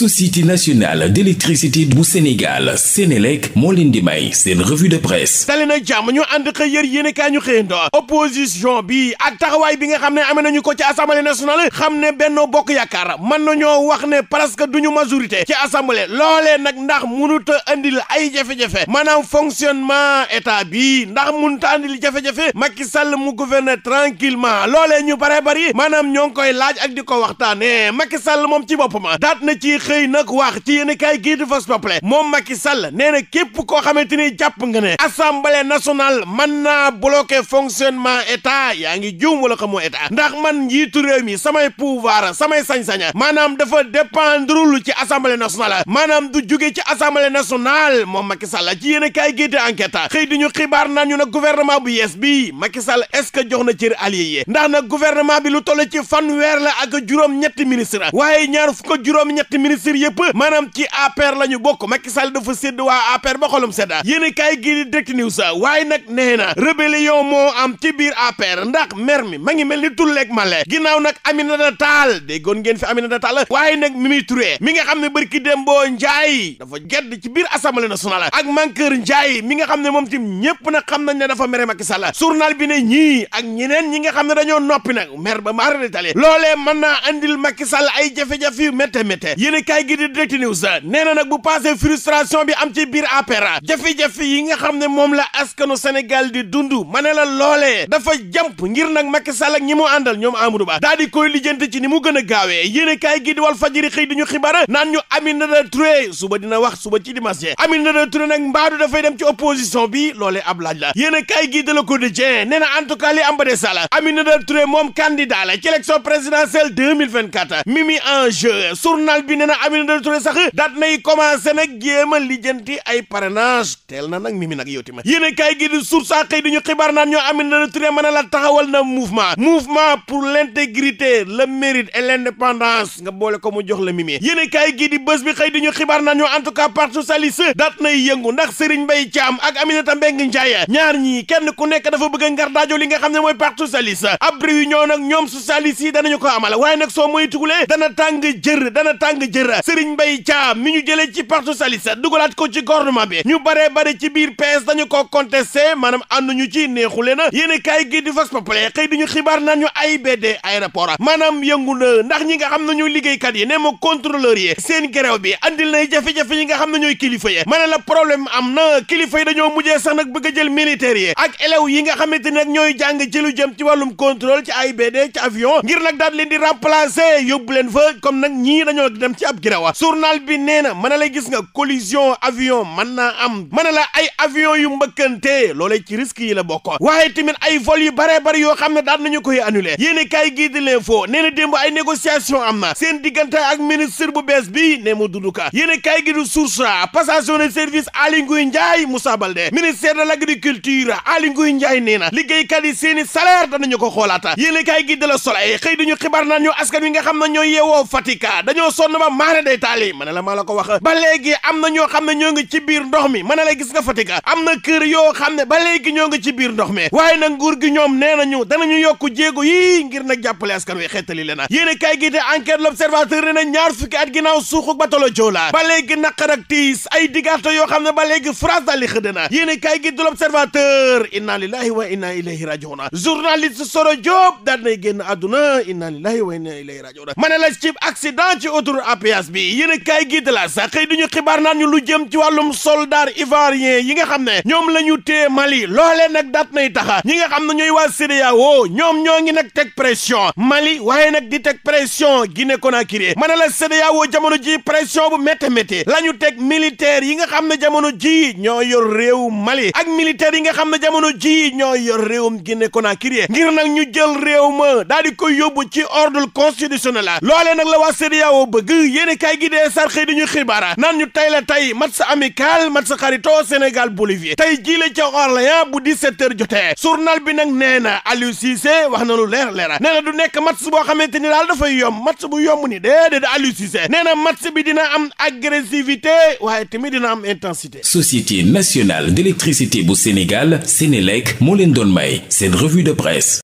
société nationale d'électricité bu Sénégal Sénélec moo leen di may seen revue de presse dali na jàmm ñu ànd xëy yër yéen ikaay ñu xëyando opposition bi ak taxawaay bi nga xam ne amee nañu ko ci assemblée nationale xam ne Benno Bokk Yaakaar mën ñoo wax ne presque duñu majorité ci assemblée loolee nag ndax mënut a andil ay jafe-jafe maanaam fonctionnement état bi ndax mënut a andil jafe-jafe Macky Sall mu gouverner tranquillement loole ñu bare bari maanaam ñoo ngi koy laaj ak di ko waxtaane Macky Sall moom ci boppam daat xëy nag wax ci yéen kaay gii di Vox Populi moom Macky Sall nee na képp koo xamante ni jàpp nga ne assemblée nationale mën naa bloquer fonctionnement état yaa ngi juum wala xamoo état ndax man njiitu réew mi samay pouvoir samay sañ-saña maanaam dafa dépendre lu ci assemblée nationale maanaam du jóge ci assemblée nationale moom Macky Sall ci yéen kaay gii di enquête xëy di ñu xibaar naan ñu nag gouvernement bu yees bi Macky Sall est-ce que jox na cër allié yi ndax nag gouvernement bi lu toll ci fanweer la ak juróom-ñetti ministre ministre yëpp maanaam ci APR la ñu bokk Macky Sall dafa sédd waa APR ba xolum sedda yéen a kaay gii di Direct News nag nee na rébellion moo am ci biir ndax mer mi ma ngi mel ni tulleeg male ginnaaw nag Aminata Tall déggoon ngeen fi Aminata Tall waaye nag Mimi Touré mi nga xam ne barki Dembo Ndiaye dafa gedd ci biir assemblée nationale ak Mankeur Ndiaye mi nga xam ne moom tim ñëpp nag xam nañ ne dafa mere Macky Sall journal bi ne ñii ak ñeneen ñi nga yéenekaay gi di Direct News nee na nag bu passé frustration bi am ci biir APR jafe-jafe yi nga xam ne moom la askanu Sénégal di dund ma ne la loolee dafa jàmp ngir nag Macky Sall ak ñi mu àndal ñoom Amadou Ba daal koy lijjanti ci ni mu gën a gaawee yéenekaay gi di Walf Fadjri xëy di ñu xibaar naan ñu Aminata suba dina wax suba ci dimanche Aminata Touré nag mbaadu dafay dem ci opposition bi loolee ab laaj la yéenekaay gi de la Aminata Touré moom candidat na Aminata Touré sax daat nay commencé nag jéem a lijjanti ay parrainage teel na mi mimi nag yotti ma yéen a kaay gi di source a xëy di ñu xibaar naan ñoo Aminata Touré mën a la taxawal na mouvement mouvement pour l'intégrité le mérite et l'indépendance nga boole ko mu jox la mimi yéen a kaay gi di bés bi xëy di ñu xibaar naan ñu en tout cas parti socialiste daat nay yëngu ndax bay Mbaye Thiam ak Aminata Mbengue Ndiaye ñaar ñii kenn ku nekk dafa bëgg a ngar daajoo li nga xam ne mooy parti socialiste ab ñoom socialiste yi danañu ko amal waaye nag soo moytuwulee dana tàng jër tàng ministre Serigne Mbaye mi ñu jëlee ci parti socialiste dugalaat ko ci gouvernement bi ñu baree bari ci biir PS dañu ko contesté maanaam ànduñu ci neexule na yéen i kaay gi di Vox Populi xëy xibaar naan ñu AIBD aéroport maanaam yëngu na ndax ñi nga xam ne ñooy liggéeykat yi ne ma contrôleur yi seen grève bi andil nay jafe-jafe yi nga xam ne kilifa yi ma la problème am na kilifa yi dañoo mujjee sax nag bëgg a jël militaires yi ak élèves yi nga xamante ne nag ñooy jàng ci lu jëm ci ab girawa journal bi nee na mën a la gis nga collision avion mën naa am mën a la ay avion yu mbëkkante loolee ci risque yi la bokk waaye tamit ay vol yu baree bari yoo xam ne daan nañu koy annulé yéen kaay gii di l'info nee na démb ay négociation am na seen diggante ak ministre bu bees bi ne mu dudu ka yéen kaay gi du source passation de service Aly Ngouille Ndiaye Moussa Baldé ministère de l'agriculture Aly Ngouille Ndiaye nee na liggéeykat yi seeni salaire danañu ko xoolaata yéen kaay gi de la Soleil xëy dañu xibaar naan ñu askan wi nga xam ne ñoo yeewoo Fatick dañoo sonn ba maara day taali ma la maa ko wax ba léegi am na ñoo xam ne ñoo ngi ci biir ndox mi ma ne la gis nga Fatick am na kër yoo xam ne ba léegi ñoo ngi ci biir ndox mi waaye nag nguur gi ñoom nee nañu danañu yokk jéego yii ngir nag jàppale askan wi xeetali le na yéen kay gi te enquête l'observateur ne na ñaar fukki at ginnaaw suuxu batalo Joola ba léegi naqar ak tiis ay diggante yoo xam ne ba léegi France daal di xëdd na yéen kay gi de l'observateur inna lillahi wa inna ilayhi raji'un journaliste Soro Diop daal nay génn àdduna inna lillahi wa inna ilayhi raji'un ma ne la ci accident ci ambiance bi yéen a kaay gi de la sax xëy duñu xibaar naan ñu lu jëm ci wàllum soldat ivoirien yi nga xam ne ñoom la ñu téye Mali loolee nag daat nay taxa ñi nga xam ne ñooy waa CEDEAO ñoom ñoo ngi nag teg pression Mali waaye nag di teg pression Guinée Conakry ma ne la CEDEAO jamono ji pression bu métti métti la ñu teg militaire yi nga xam ne jamono ji ñoo yor réew Mali ak militaire yi nga xam ne jamono ji ñoo yor réewum Guinée Conakry ngir nag ñu jël réew ma daal di koy yóbbu yéen kay gi dee sar xëy dañu xibaara naan ñu tey la tey match amical match xarito Sénégal Bolivie tey jii la ca Orléans bu 17h jotee journal bi nag nee na Aliou wax na lu leer leera nee na du nekk match boo xamante ni daal dafay yomb match bu yomb ni déedéet Aliou Cissé nee na match bi dina am agressivité waaye tamit dina am intensité. Société nationale d'électricité bu Sénégal Sénélec moo leen doon may seen revue de presse.